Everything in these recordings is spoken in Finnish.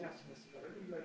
gracias. Aleluya,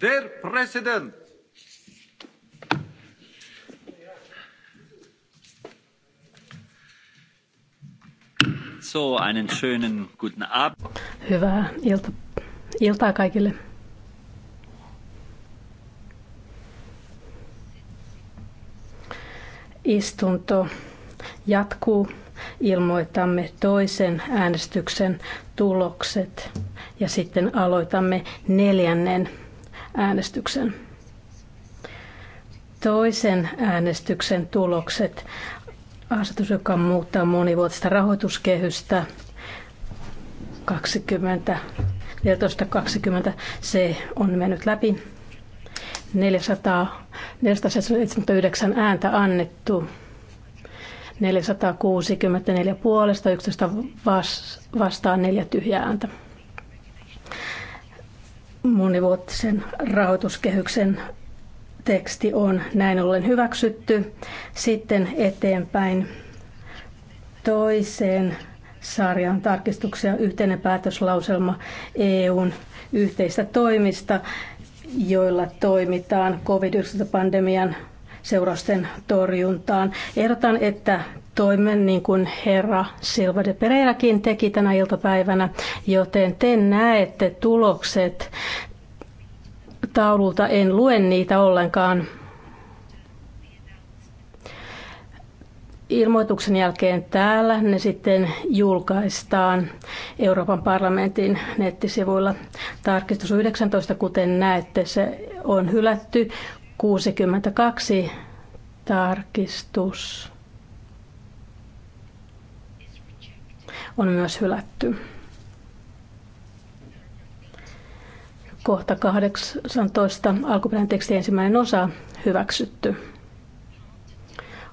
Der president. So, einen schönen guten Abend. Hyvää ilta, iltaa kaikille. Istunto jatkuu. Ilmoitamme toisen äänestyksen tulokset ja sitten aloitamme neljännen äänestyksen. Toisen äänestyksen tulokset. Asetus, joka muuttaa monivuotista rahoituskehystä 20, 14.20. Se on mennyt läpi. 400, 479 ääntä annettu. 464 puolesta, 11 vastaan, 4 tyhjää ääntä monivuotisen rahoituskehyksen teksti on näin ollen hyväksytty. Sitten eteenpäin toiseen sarjan tarkistuksia yhteinen päätöslauselma EUn yhteistä toimista, joilla toimitaan COVID-19-pandemian seurausten torjuntaan. Ehdotan, että toimen niin kuin herra Silva de Pereirakin teki tänä iltapäivänä, joten te näette tulokset taululta, en lue niitä ollenkaan. Ilmoituksen jälkeen täällä ne sitten julkaistaan Euroopan parlamentin nettisivuilla. Tarkistus 19, kuten näette, se on hylätty. 62 tarkistus. on myös hylätty. Kohta 18 alkuperäinen teksti ensimmäinen osa hyväksytty.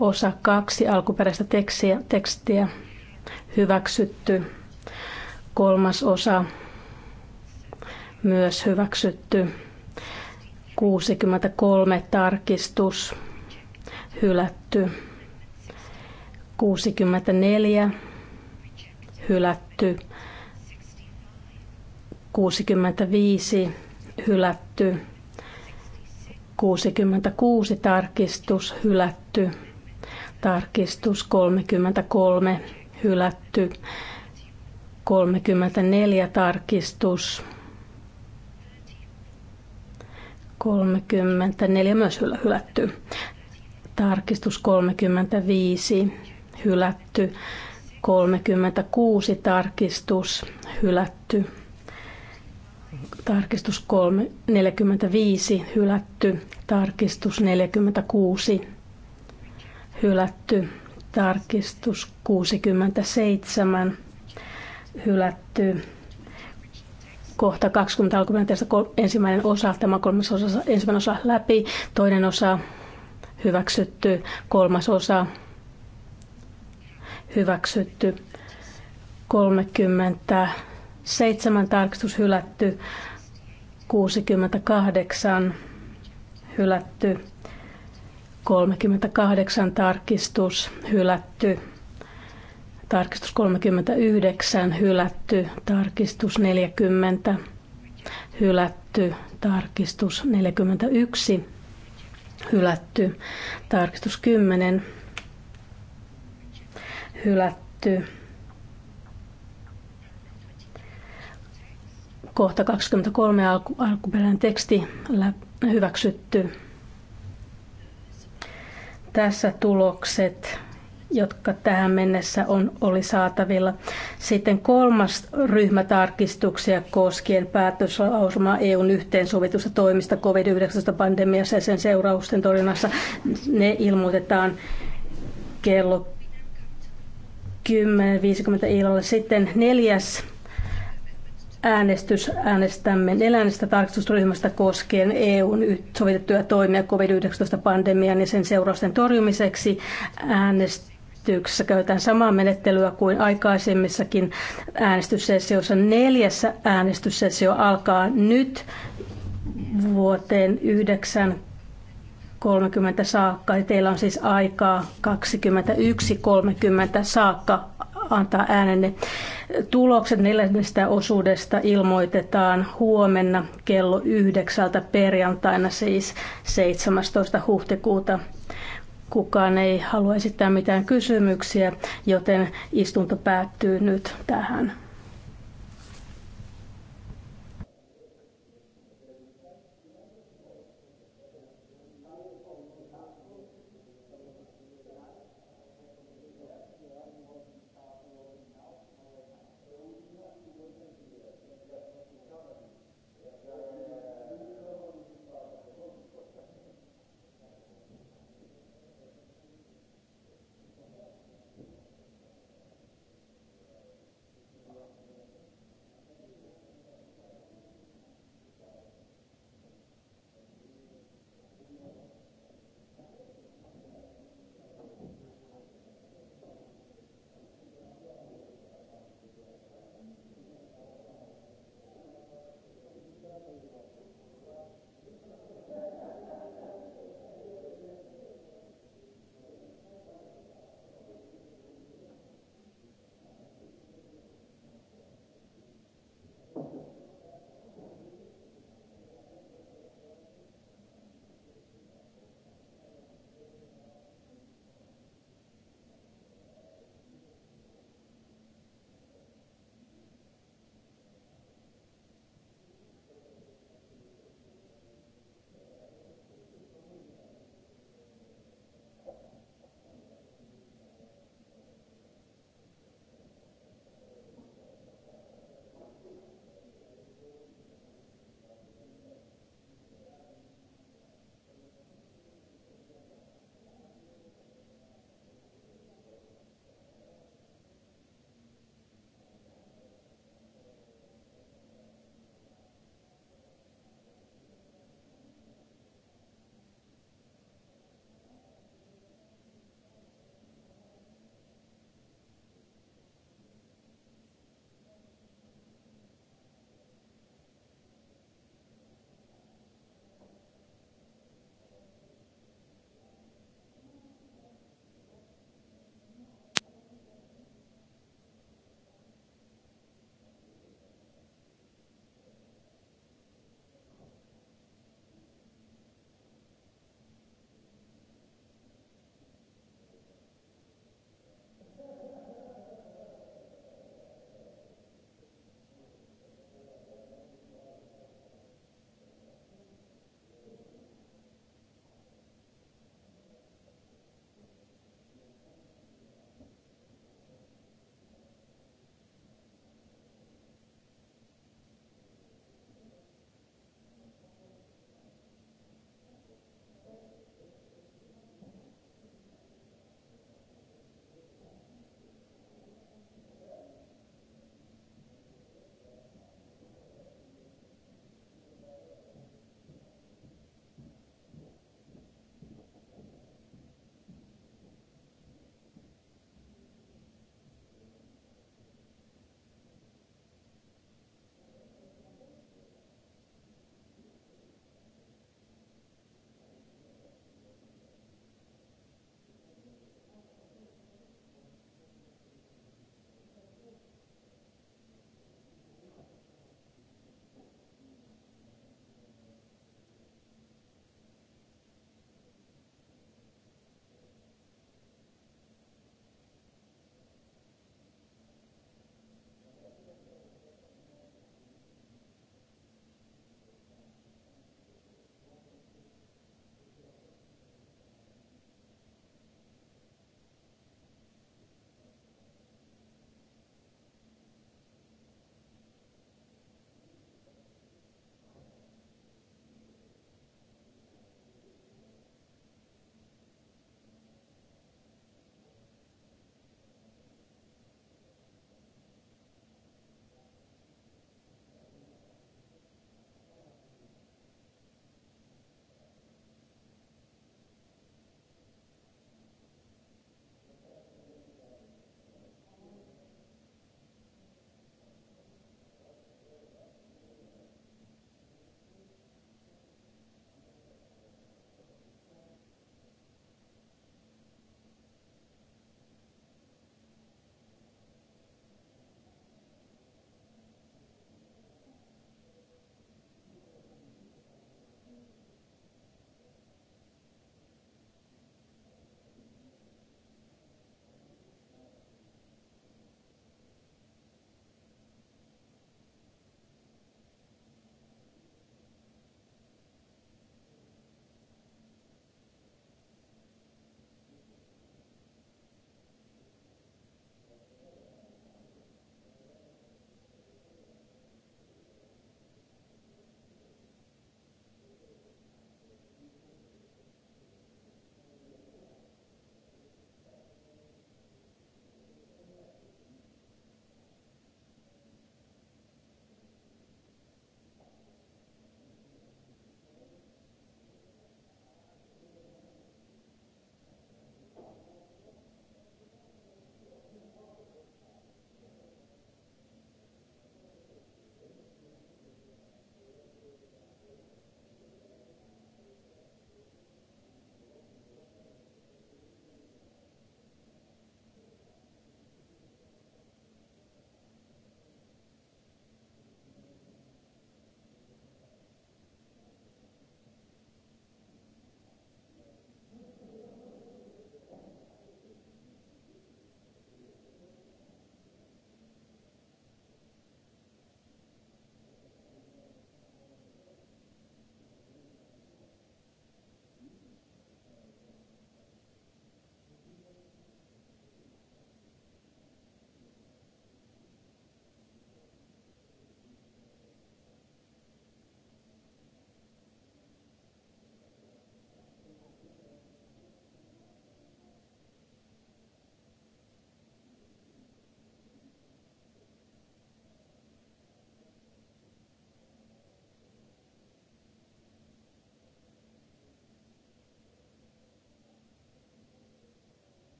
Osa 2 alkuperäistä tekstiä, tekstiä hyväksytty. Kolmas osa myös hyväksytty. 63 tarkistus hylätty. 64 hylätty, 65 hylätty, 66 tarkistus hylätty, tarkistus 33 hylätty, 34 tarkistus, 34 myös hylätty, tarkistus 35 hylätty, 36 tarkistus hylätty. Tarkistus 3, 45 hylätty. Tarkistus 46 hylätty. Tarkistus 67 hylätty. Kohta 20 alkuperäinen ensimmäinen osa, tämä kolmas osa, ensimmäinen osa läpi, toinen osa hyväksytty, kolmas osa hyväksytty, 37 tarkistus hylätty, 68 hylätty, 38 tarkistus hylätty, tarkistus 39 hylätty, tarkistus 40 hylätty, tarkistus 41 hylätty, tarkistus 10 hylätty. Kohta 23 alku, alkuperäinen teksti hyväksytty. Tässä tulokset, jotka tähän mennessä on, oli saatavilla. Sitten kolmas ryhmä tarkistuksia koskien päätöslausumaa EUn yhteensovitusta toimista COVID-19-pandemiassa ja sen seurausten torjunnassa. Ne ilmoitetaan kello 10.50 illalla. Sitten neljäs äänestys äänestämme neljännestä tarkastusryhmästä koskien EUn sovitettuja toimia COVID-19-pandemian ja sen seurausten torjumiseksi. Äänestyksessä käytetään samaa menettelyä kuin aikaisemmissakin äänestyssessioissa. Neljässä äänestyssessio alkaa nyt vuoteen 9 30 saakka. Ja teillä on siis aikaa 21.30 saakka antaa äänenne. Tulokset neljännestä osuudesta ilmoitetaan huomenna kello yhdeksältä perjantaina, siis 17. huhtikuuta. Kukaan ei halua esittää mitään kysymyksiä, joten istunto päättyy nyt tähän.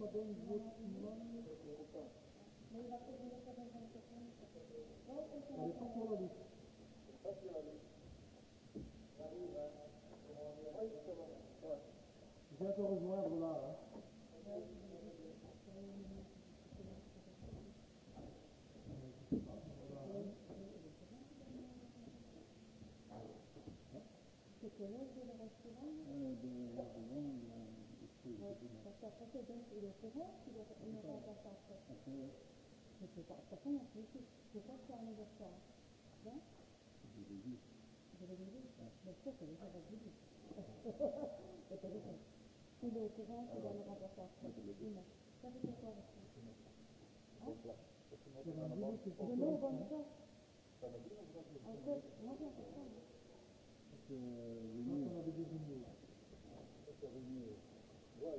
Je vais te rejoindre là. Hein. 小时候跟有时候这个没有办法上课，不知道，不可能回去，如果说那个说，嗯，这个理解，我确实这个理解，我觉得很，那个之前说的那个说，我这个理解，但是这个，啊，有没有帮助？啊，对，我想看。C'est euh, renoué. C'est renoué. Ouais,